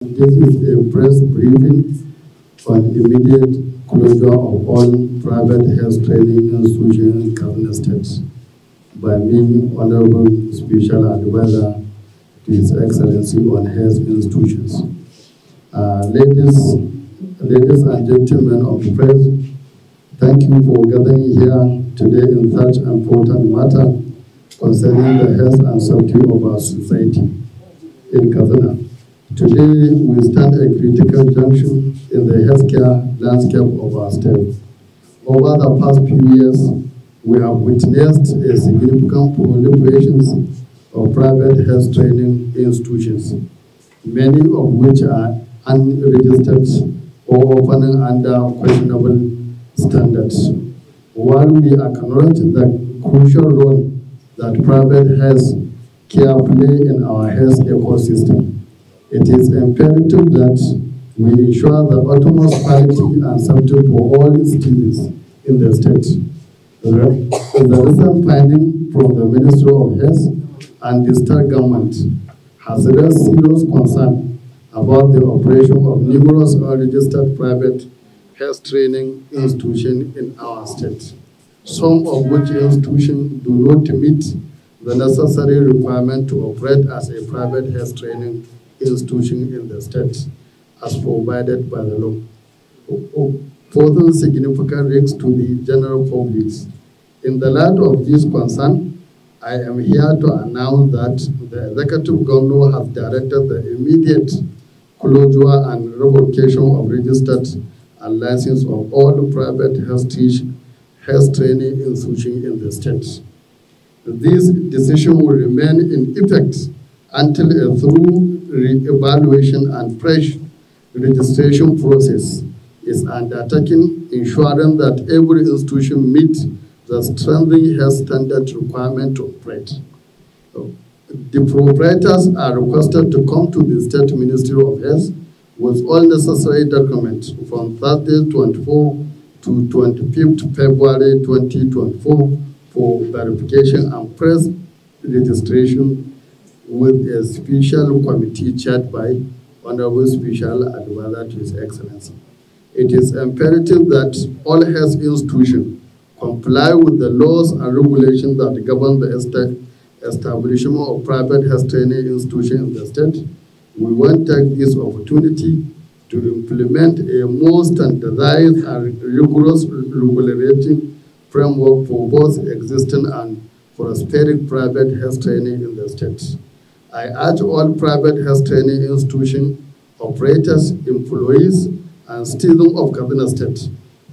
This is a press briefing for immediate closure of all private health training institutions in Kaduna State by me, Honorable Special Advisor to His Excellency on Health Institutions. Uh, ladies, ladies and gentlemen of the press, thank you for gathering here today in such important matter concerning the health and safety of our society in Kaduna. Today, we stand at a critical junction in the healthcare landscape of our state. Over the past few years, we have witnessed a significant proliferation of private health training institutions, many of which are unregistered or often under questionable standards. While we acknowledge the crucial role that private health care play in our health ecosystem, it is imperative that we ensure the utmost quality and safety for all students in the state. The recent finding from the Ministry of Health and the state government has raised serious concern about the operation of numerous registered private health training institutions in our state, some of which institutions do not meet the necessary requirement to operate as a private health training institution in the state as provided by the law, posing significant risks to the general public. In the light of this concern, I am here to announce that the executive governor has directed the immediate closure and revocation of registered and license of all private health, health training institutions in the state. This decision will remain in effect until a through re-evaluation and fresh registration process is undertaken, ensuring that every institution meets the strengthening health standard requirement to operate. The proprietors are requested to come to the State Ministry of Health with all necessary documents from Thursday 24 to 25th February 2024 for verification and press registration with a special committee chaired by Honorable Special Advisor to His Excellency. It is imperative that all health institutions comply with the laws and regulations that govern the est establishment of private health training institutions in the state. We want to take this opportunity to implement a more standardized and rigorous regulating framework for both existing and prospering private health training in the state. I urge all private health training institution operators, employees, and citizens of Kaduna State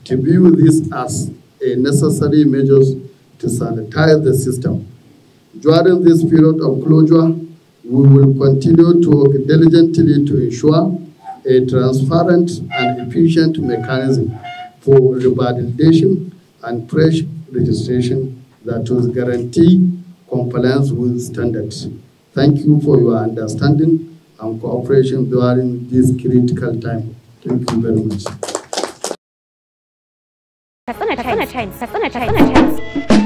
to view this as a necessary measure to sanitize the system. During this period of closure, we will continue to work diligently to ensure a transparent and efficient mechanism for revalidation and fresh registration that will guarantee compliance with standards. Thank you for your understanding and cooperation during this critical time. Thank you very much. Persona Chains. Persona Chains. Persona Chains.